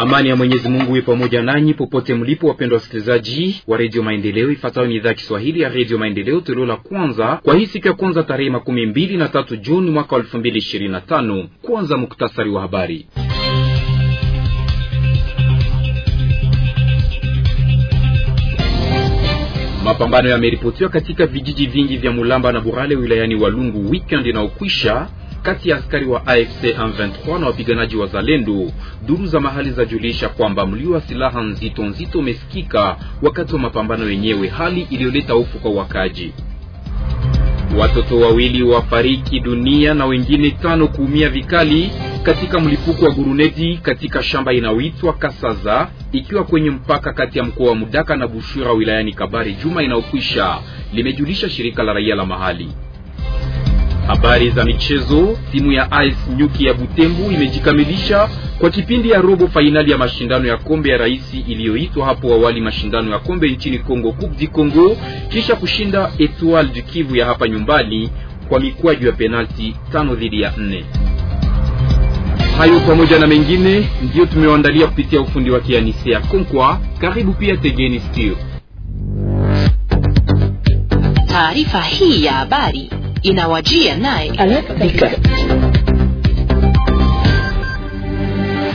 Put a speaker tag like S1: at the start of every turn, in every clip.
S1: Amani ya Mwenyezi Mungu iwe pamoja nanyi popote mlipo, wapendwa wasikilizaji wa redio Maendeleo. Ifuatayo ni idhaa ya Kiswahili ya redio Maendeleo, toleo la kwanza kwa hii siku ya kwanza tarehe makumi mbili na tatu Juni mwaka wa elfu mbili ishirini na tano. Kwanza muktasari wa habari. Mapambano yameripotiwa katika vijiji vingi vya Mulamba na Burale wilayani Walungu wikendi inaokwisha kati ya askari wa AFC M23 na wapiganaji wa Zalendo. Duru za mahali zajulisha kwamba mlio wa silaha nzito nzito umesikika wakati wa mapambano yenyewe, hali iliyoleta hofu kwa wakaji. Watoto wawili wafariki dunia na wengine tano kuumia vikali katika mlipuko wa guruneti katika shamba inayoitwa Kasaza ikiwa kwenye mpaka kati ya mkoa wa Mudaka na Bushura wilayani Kabare juma inayokwisha, limejulisha shirika la raia la mahali. Habari za michezo. Timu ya AS Nyuki ya Butembo imejikamilisha kwa kipindi ya robo fainali ya mashindano ya kombe ya rais iliyoitwa hapo awali mashindano ya kombe nchini congo Coupe du Congo, kisha kushinda Etoile du Kivu ya hapa nyumbani kwa mikwaju ya penalti tano dhidi ya nne. Hayo pamoja na mengine ndiyo tumewaandalia kupitia ufundi wa ya Konkwa. Karibu pia tegeni sikio
S2: taarifa hii ya habari inawajia naye Aleka Bika.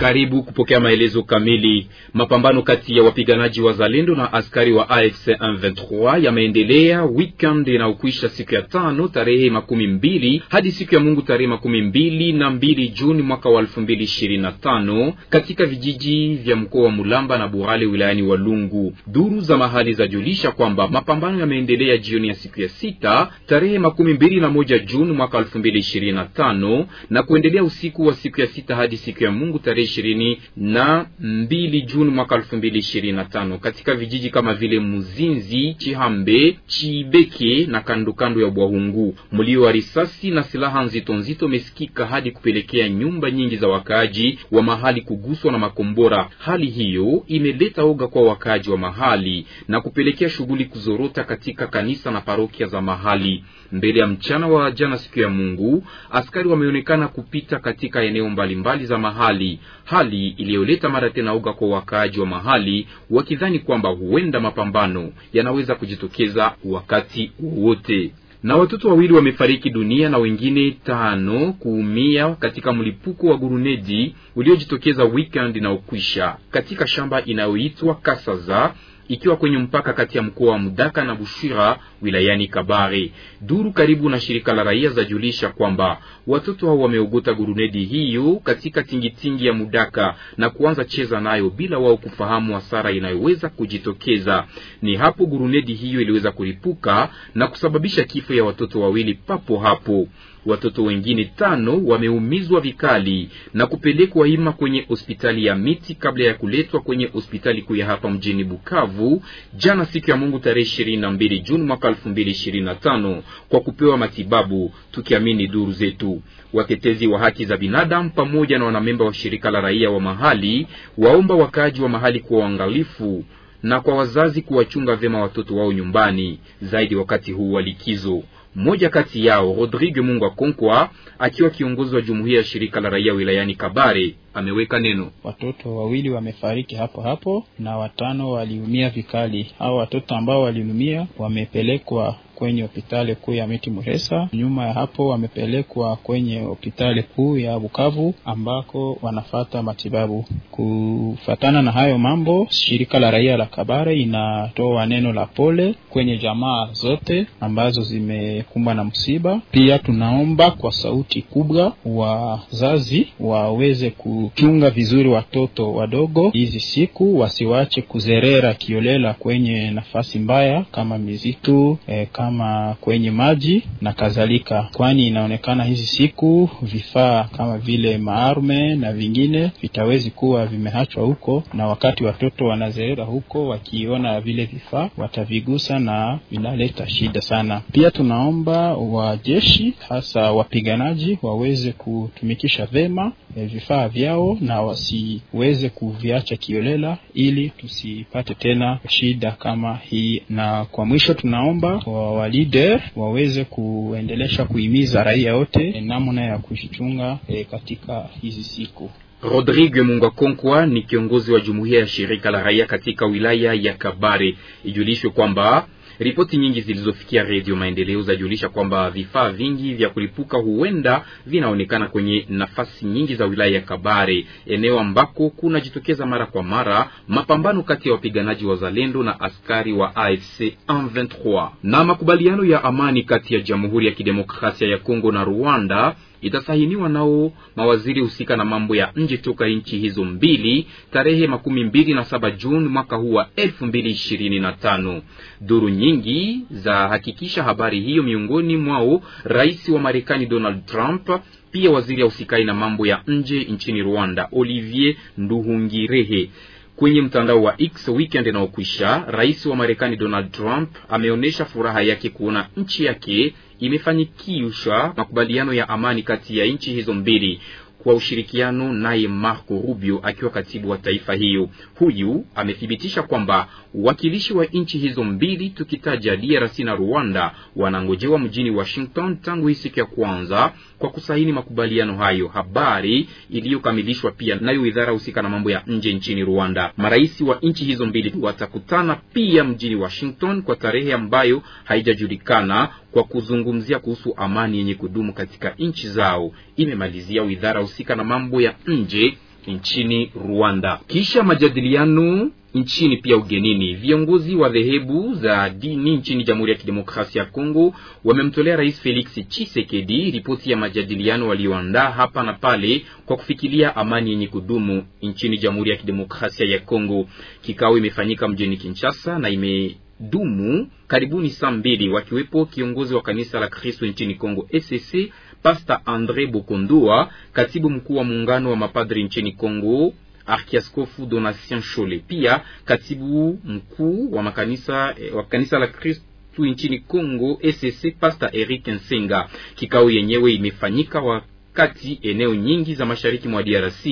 S1: karibu kupokea maelezo kamili. Mapambano kati ya wapiganaji wa Zalendo na askari wa AFC M23 yameendelea weekend inaokwisha siku ya tano tarehe makumi mbili hadi siku ya Mungu tarehe makumi mbili na mbili Juni mwaka wa elfu mbili ishirini na tano katika vijiji vya mkoa wa Mulamba na burale wilayani Walungu. Duru za mahali zajulisha kwamba mapambano yameendelea jioni ya siku ya sita tarehe makumi mbili na moja Juni mwaka wa elfu mbili ishirini na tano na kuendelea usiku wa siku ya sita hadi siku ya Mungu tarehe ishirini na mbili Juni mwaka elfu mbili ishirini na tano katika vijiji kama vile Muzinzi, Chihambe, Chibeke na kandokando ya Bwahungu. Mlio wa risasi na silaha nzito nzito umesikika hadi kupelekea nyumba nyingi za wakaaji wa mahali kuguswa na makombora. Hali hiyo imeleta oga kwa wakaaji wa mahali na kupelekea shughuli kuzorota katika kanisa na parokia za mahali. Mbele ya mchana wa jana, siku ya Mungu, askari wameonekana kupita katika eneo mbalimbali mbali za mahali hali iliyoleta mara tena uga kwa wakaaji wa mahali, wakidhani kwamba huenda mapambano yanaweza kujitokeza wakati wowote na watoto wawili wamefariki dunia na wengine tano kuumia katika mlipuko wa gurunedi uliojitokeza weekend na ukwisha katika shamba inayoitwa Kasaza ikiwa kwenye mpaka kati ya mkoa wa Mudaka na Bushira wilayani Kabare. Duru karibu na shirika la raia zajulisha kwamba watoto hao wameogota gurunedi hiyo katika tingitingi ya Mudaka na kuanza cheza nayo bila wao kufahamu hasara inayoweza kujitokeza. Ni hapo gurunedi hiyo iliweza kulipuka na kusababisha kifo ya watoto wawili papo hapo. Watoto wengine tano wameumizwa vikali na kupelekwa ima kwenye hospitali ya Miti kabla ya kuletwa kwenye hospitali kuu ya hapa mjini Bukavu jana siku ya Mungu tarehe ishirini na mbili Juni mwaka elfu mbili ishirini na tano kwa kupewa matibabu, tukiamini duru zetu. Watetezi wa haki za binadamu pamoja na wanamemba wa shirika la raia wa mahali waomba wakaaji wa mahali kuwa waangalifu na kwa wazazi kuwachunga vyema watoto wao nyumbani, zaidi wakati huu wa likizo. Mmoja kati yao Rodrigue Mungwa Konkwa, akiwa kiongozi wa jumuiya ya shirika la raia wilayani Kabare, ameweka neno.
S3: Watoto wawili wamefariki hapo hapo na watano waliumia vikali. Hao watoto ambao waliumia wamepelekwa kwenye hospitali kuu ya Miti Muresa. Nyuma ya hapo wamepelekwa kwenye hospitali kuu ya Bukavu ambako wanafata matibabu. Kufatana na hayo mambo, shirika la raia la Kabare inatoa neno la pole kwenye jamaa zote ambazo zimekumbwa na msiba. Pia tunaomba kwa sauti kubwa wazazi waweze kuchunga vizuri watoto wadogo hizi siku, wasiwache kuzerera kiolela kwenye nafasi mbaya kama mizitu eh, kama kama kwenye maji na kadhalika, kwani inaonekana hizi siku vifaa kama vile maarme na vingine vitawezi kuwa vimeachwa huko, na wakati watoto wanazeera huko, wakiona vile vifaa watavigusa na vinaleta shida sana. Pia tunaomba wajeshi hasa wapiganaji waweze kutumikisha vema eh, vifaa vyao na wasiweze kuviacha kiolela, ili tusipate tena shida kama hii. Na kwa mwisho tunaomba wa wa leader waweze kuendelesha kuhimiza raia wote namna ya kujichunga e, katika hizi siku. Rodrigue
S1: Mungakonkwa ni kiongozi wa jumuiya ya shirika la raia katika wilaya ya Kabare. Ijulishwe kwamba Ripoti nyingi zilizofikia Redio Maendeleo zajulisha kwamba vifaa vingi vya kulipuka huenda vinaonekana kwenye nafasi nyingi za wilaya ya Kabare, eneo ambako kunajitokeza mara kwa mara mapambano kati ya wapiganaji wa Zalendo na askari wa AFC M23. Na makubaliano ya amani kati ya Jamhuri ya Kidemokrasia ya Kongo na Rwanda itasahiniwa nao mawaziri husika na mambo ya nje toka nchi hizo mbili tarehe makumi mbili na saba Juni mwaka huu wa elfu mbili ishirini na tano. Duru nyingi za hakikisha habari hiyo, miongoni mwao rais wa Marekani Donald Trump pia waziri ya usikai na mambo ya nje nchini Rwanda Olivier Nduhungirehe. Kwenye mtandao wa X weekend inaokwisha, rais wa Marekani Donald Trump ameonyesha furaha yake kuona nchi yake imefanikishwa makubaliano ya amani kati ya nchi hizo mbili kwa ushirikiano naye Marco Rubio akiwa katibu wa taifa hiyo. Huyu amethibitisha kwamba wakilishi wa nchi hizo mbili tukitaja DRC na Rwanda wanangojewa mjini Washington tangu hii siku ya kwanza kwa kusaini makubaliano hayo, habari iliyokamilishwa pia nayo idhara husika na mambo ya nje nchini Rwanda. Marais wa nchi hizo mbili watakutana pia mjini Washington kwa tarehe ambayo haijajulikana kwa kuzungumzia kuhusu amani yenye kudumu katika nchi zao, imemalizia idhara anayehusika na mambo ya nje nchini Rwanda. Kisha majadiliano nchini pia ugenini, viongozi wa dhehebu za dini nchini Jamhuri ya Kidemokrasia ya Kongo wamemtolea Rais Felix Tshisekedi ripoti ya majadiliano walioandaa hapa na pale kwa kufikilia amani yenye kudumu nchini Jamhuri ya Kidemokrasia ya Kongo. Kikao imefanyika mjini Kinshasa na ime dumu karibuni saa mbili, wakiwepo kiongozi wa kanisa la Kristo nchini Kongo ECC Pasta Andre Bokondua, katibu mkuu wa muungano wa mapadri nchini Kongo, Arkiaskofu Donatien Shole, pia katibu mkuu wa makanisa eh, wa kanisa la Kristo nchini Kongo ECC, Pasta Eric Nsenga. Kikao yenyewe imefanyika wakati eneo nyingi za mashariki mwa DRC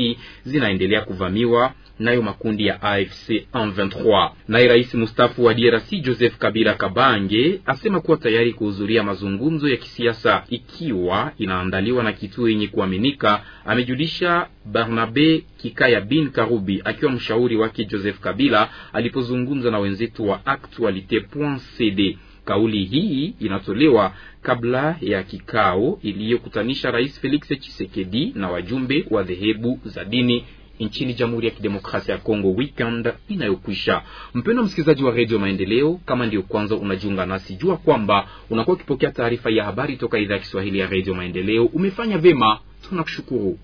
S1: zinaendelea kuvamiwa nayo makundi ya AFC M23. Naye rais mstaafu wa DRC Joseph Kabila Kabange asema kuwa tayari kuhudhuria mazungumzo ya kisiasa ikiwa inaandaliwa na kituo yenye kuaminika, amejulisha Barnabe Kikaya bin Karubi akiwa mshauri wake Joseph Kabila alipozungumza na wenzetu wa Actualite.cd. Kauli hii inatolewa kabla ya kikao iliyokutanisha Rais Felix Tshisekedi na wajumbe wa dhehebu za dini nchini Jamhuri ya Kidemokrasia ya Kongo weekend inayokwisha. Mpendwa msikilizaji wa Redio Maendeleo, kama ndiyo kwanza unajiunga nasi, jua kwamba unakuwa ukipokea taarifa ya habari toka idhaa ya Kiswahili ya Redio Maendeleo. Umefanya vyema, tunakushukuru.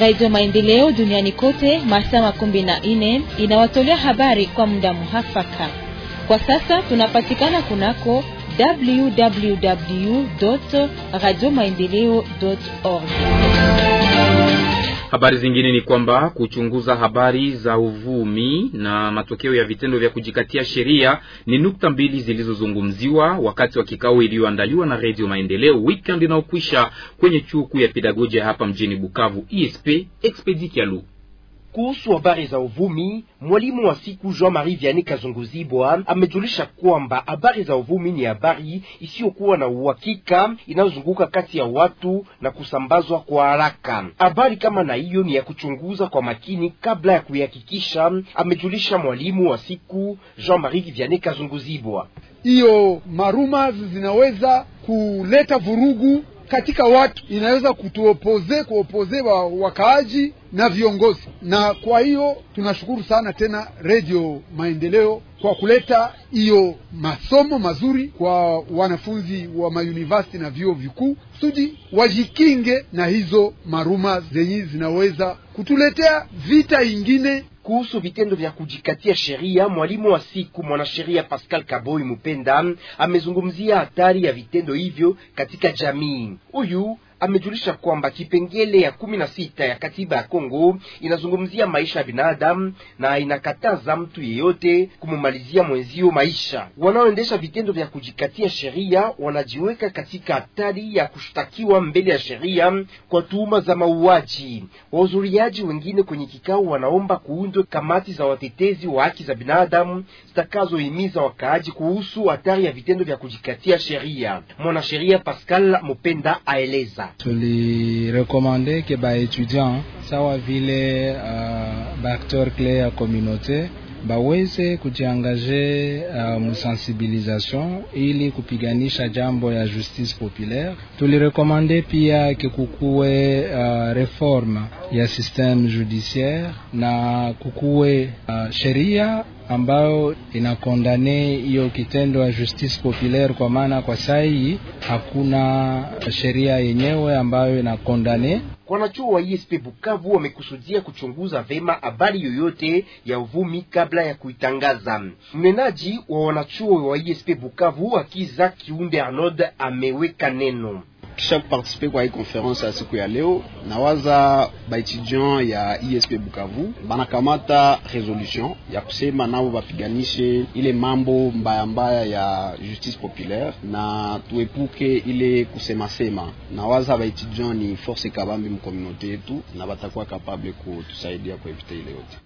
S3: Radio Maendeleo duniani
S4: kote masaa makumi na nne inawatolea habari kwa muda muhafaka. Kwa sasa tunapatikana kunako www.radiomaendeleo.org.
S1: Habari zingine ni kwamba kuchunguza habari za uvumi na matokeo ya vitendo vya kujikatia sheria ni nukta mbili zilizozungumziwa wakati wa kikao iliyoandaliwa na Redio Maendeleo weekend inaokwisha kwenye chuo kuu ya pedagoji hapa mjini Bukavu, ESP Expedi Kyalu.
S2: Kuhusu habari za uvumi, mwalimu wa siku Jean Marie Vianney Kazunguzibwa amejulisha kwamba habari za uvumi ni habari isiyokuwa na uhakika inayozunguka kati ya watu na kusambazwa kwa haraka. Habari kama na hiyo ni ya kuchunguza kwa makini kabla ya kuihakikisha, amejulisha mwalimu wa siku Jean Marie Vianney Kazunguzibwa.
S4: Hiyo maruma zinaweza kuleta vurugu katika watu inaweza kutuopoze kuopoze wa wakaaji na viongozi. Na kwa hiyo tunashukuru sana tena Redio Maendeleo kwa kuleta hiyo masomo mazuri kwa wanafunzi wa mayunivasiti na vyuo vikuu, kusudi
S2: wajikinge na hizo maruma zenye zinaweza kutuletea vita ingine kuhusu vitendo vya kujikatia sheria, mwalimu wa siku mwanasheria Pascal Kaboi Mupenda amezungumzia hatari ya vitendo hivyo katika jamii. Huyu amejulisha kwamba kipengele ya kumi na sita ya katiba ya Kongo inazungumzia maisha ya binadamu na inakataza mtu yeyote kumumalizia mwenzio maisha. Wanaoendesha vitendo vya kujikatia sheria wanajiweka katika hatari ya kushtakiwa mbele ya sheria kwa tuhuma za mauaji. Wahudhuriaji wengine kwenye kikao wanaomba kuundwe kamati za watetezi wa haki za binadamu zitakazohimiza wakaaji kuhusu hatari ya vitendo vya kujikatia sheria. Mwanasheria Pascal Mopenda aeleza
S3: que les bah, étudiants baetudiant les vile euh, bah, clés de à communauté baweze kujiangaje euh, sensibilisation il ili kupiganisha jambo ya justice populaire.
S2: Tulirekomande
S3: pia euh, que coucoué réforme ya système judiciaire na coucoué sharia. ambayo inakondane hiyo kitendo ya justice populaire, kwa maana kwa sai hakuna sheria yenyewe ambayo inakondane.
S2: Wanachuo wa ISP Bukavu wamekusudia kuchunguza vema habari yoyote ya uvumi kabla ya kuitangaza. Mnenaji wa wanachuo wa ISP Bukavu Akiza Kiunde Arnold ameweka neno kisha kuparticipe kwa hii conference ya siku ya leo, nawaza baetudiant ya ISP Bukavu banakamata resolution ya kusema nabo bapiganishe ile mambo mbaya mbaya ya justice populaire na tuepuke ile kusemasema. Nawaza baetudiant ni force kabambi mkomunote yetu na batakuwa kapable kutusaidia kuevita ile yote.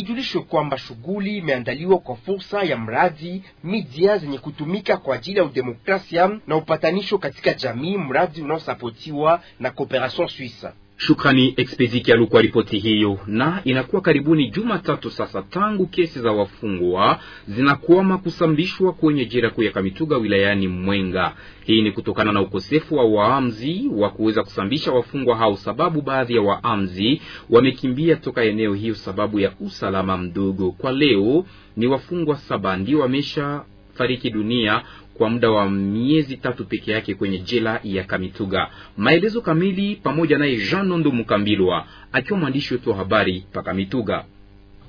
S2: Ijulishwe kwamba shughuli imeandaliwa kwa fursa ya mradi media zenye kutumika kwa ajili ya udemokrasia na upatanisho katika jamii, mradi unaosapotiwa na Cooperation Suisse.
S1: Shukrani Expedi Kialu kwa ripoti hiyo. Na inakuwa karibuni juma tatu sasa tangu kesi za wafungwa zinakwama kusambishwa kwenye jela kuu ya Kamituga wilayani Mwenga. Hii ni kutokana na ukosefu wa waamzi wa kuweza kusambisha wafungwa hao, sababu baadhi ya waamzi wamekimbia toka eneo hiyo sababu ya usalama mdogo. Kwa leo ni wafungwa saba ndio wamesha fariki dunia kwa muda wa miezi tatu peke yake kwenye jela ya Kamituga. Maelezo kamili pamoja naye Jean Nondo Mukambilwa akiwa mwandishi wetu wa habari pa
S4: Kamituga.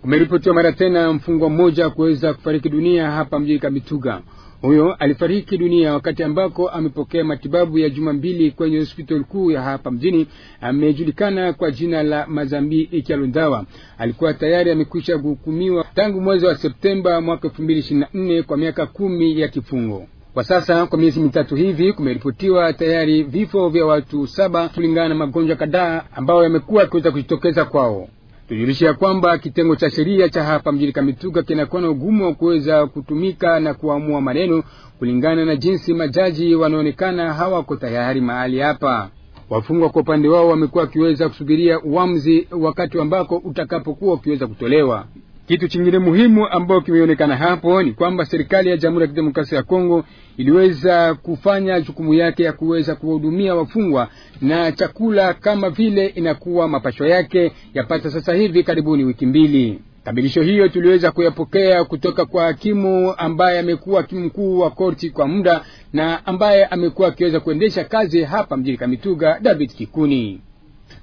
S4: Kumeripotiwa mara tena mfungwa mmoja kuweza kufariki dunia hapa mjini Kamituga. Huyo alifariki dunia wakati ambako amepokea matibabu ya juma mbili kwenye hospitali kuu ya hapa mjini. Amejulikana kwa jina la Mazambi Ikyalundawa. Alikuwa tayari amekwisha kuhukumiwa tangu mwezi wa Septemba mwaka 2024 kwa miaka kumi ya kifungo. Kwa sasa kwa miezi mitatu hivi kumeripotiwa tayari vifo vya watu saba kulingana na magonjwa kadhaa ambayo yamekuwa yakiweza kujitokeza kwao. Tujulishe ya kwamba kitengo cha sheria cha hapa mjini Kamituga kinakuwa na ugumu wa kuweza kutumika na kuamua maneno kulingana na jinsi majaji wanaonekana hawako tayari mahali hapa. Wafungwa kwa upande wao wamekuwa wakiweza kusubiria uamuzi wakati ambako utakapokuwa ukiweza kutolewa. Kitu chingine muhimu ambayo kimeonekana hapo ni kwamba serikali ya Jamhuri ya Kidemokrasia ya Kongo iliweza kufanya jukumu yake ya kuweza kuwahudumia wafungwa na chakula kama vile inakuwa mapasho yake yapata sasa hivi karibuni wiki mbili. Kamilisho hiyo tuliweza kuyapokea kutoka kwa hakimu ambaye amekuwa hakimu mkuu wa korti kwa muda na ambaye amekuwa akiweza kuendesha kazi hapa mjini Kamituga, David Kikuni.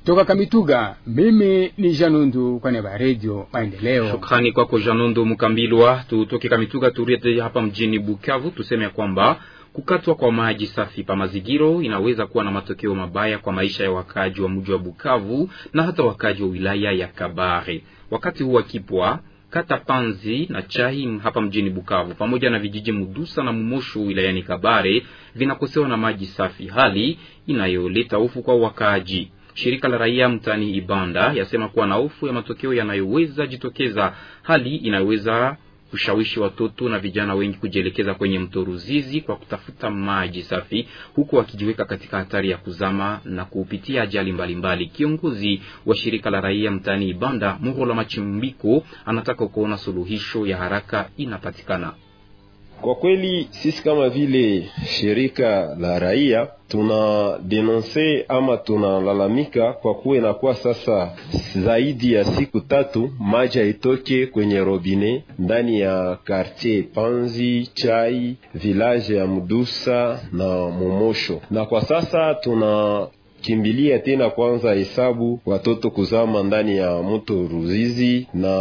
S4: Toka Kamituga, mimi ni Janundu kwa neba Radio
S1: Maendeleo. Shukrani kwako Janundu Mkambilwa. Tutoke Kamituga turete hapa mjini Bukavu, tuseme kwamba kukatwa kwa maji safi pa mazigiro inaweza kuwa na matokeo mabaya kwa maisha ya wakaaji wa mji wa Bukavu na hata wakaaji wa wilaya ya Kabare. Wakati huu akipwa kata Panzi na Chai hapa mjini Bukavu pamoja na vijiji Mudusa na Mumoshu wilayani Kabare vinakosewa na maji safi, hali inayoleta hofu kwa wakaaji. Shirika la raia mtani Ibanda yasema kuwa na hofu ya matokeo yanayoweza jitokeza, hali inayoweza kushawishi watoto na vijana wengi kujielekeza kwenye mto Ruzizi kwa kutafuta maji safi, huku wakijiweka katika hatari ya kuzama na kupitia ajali mbalimbali. Kiongozi wa shirika la raia mtaani Ibanda, la Machimbiko, anataka kuona suluhisho ya haraka inapatikana.
S5: Kwa kweli sisi kama vile shirika la raia tunadenonse ama tunalalamika kwa kuwa inakuwa sasa zaidi ya siku tatu maji haitoke kwenye robine ndani ya kartier Panzi Chai, village ya Mdusa na Momosho, na kwa sasa tuna kimbilia tena kwanza hesabu watoto kuzama ndani ya mto Ruzizi na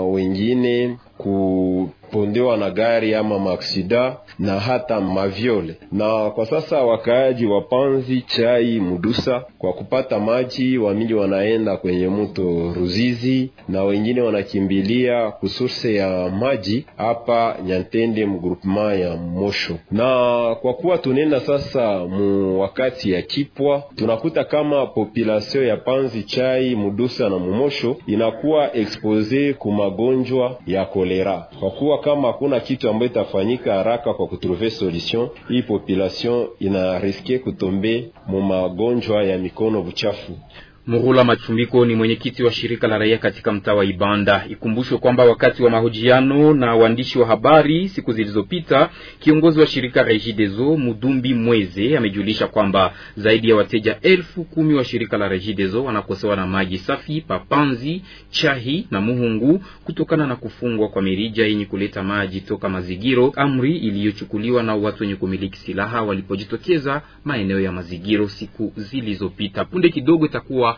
S5: wengine kupondewa na gari ama maksida na hata mavyole. Na kwa sasa wakaaji wa Panzi Chai Mudusa kwa kupata maji, wamili wanaenda kwenye mto Ruzizi na wengine wanakimbilia kusurse ya maji hapa Nyantende mgrupema ya Mosho. Na kwa kuwa tunaenda sasa mu wakati ya kipwa, tunakuta kama population ya Panzi Chai Mudusa na Mumosho inakuwa expose ku magonjwa ya kolera kolera, kwa kuwa kama hakuna kitu ambayo itafanyika haraka kwa kutruve solution, hii population inariske kutombe mu magonjwa ya mikono buchafu.
S1: Murula Machumbiko ni mwenyekiti wa shirika la raia katika mtaa wa Ibanda. Ikumbushwe kwamba wakati wa mahojiano na waandishi wa habari siku zilizopita, kiongozi wa shirika Regideso Mudumbi Mweze amejulisha kwamba zaidi ya wateja elfu kumi wa shirika la Regideso wanakosewa na maji safi Papanzi, Chahi na Muhungu kutokana na kufungwa kwa mirija yenye kuleta maji toka Mazigiro, amri iliyochukuliwa na watu wenye kumiliki silaha walipojitokeza maeneo ya Mazigiro siku zilizopita. Punde kidogo itakuwa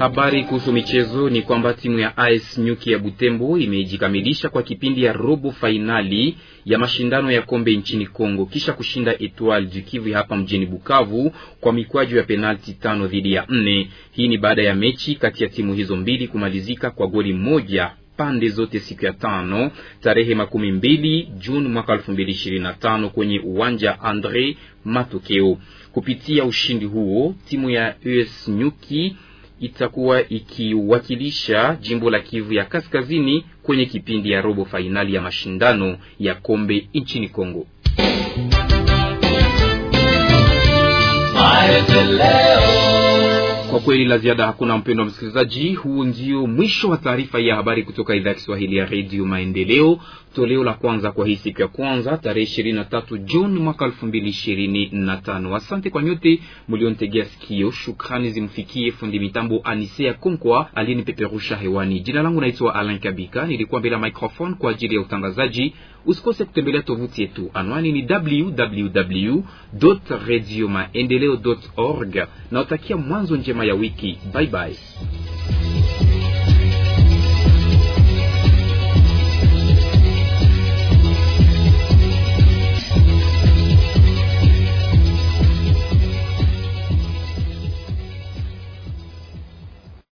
S1: Habari kuhusu michezo ni kwamba timu ya AS Nyuki ya Butembo imejikamilisha kwa kipindi ya robo fainali ya mashindano ya kombe nchini Kongo kisha kushinda Etoile du Kivu hapa mjini Bukavu kwa mikwaju ya penalti tano dhidi ya nne. Hii ni baada ya mechi kati ya timu hizo mbili kumalizika kwa goli moja pande zote siku ya tano tarehe makumi mbili Juni mwaka elfu mbili ishirini na tano kwenye uwanja Andre Matokeo. Kupitia ushindi huo timu ya US Nyuki itakuwa ikiwakilisha jimbo la Kivu ya Kaskazini kwenye kipindi ya robo fainali ya mashindano ya kombe nchini Kongo. Kwa kweli la ziada hakuna, mpendo wa msikilizaji. Huu ndio mwisho wa taarifa ya habari kutoka idhaa ya Kiswahili ya Redio Maendeleo toleo la kwanza kwa hii siku ya kwanza tarehe ishirini na tatu Juni mwaka elfu mbili ishirini na tano. Asante kwa nyote mliontegea sikio. Shukrani zimfikie fundi mitambo Anisea Kunkwa aliyenipeperusha hewani. Jina langu naitwa Alan Kabika, nilikuwa mbele ya microphone kwa ajili ya utangazaji. Usikose kutembelea tovuti yetu, anwani ni www radio maendeleo org. Nawatakia mwanzo njema ya wiki. Bye bye.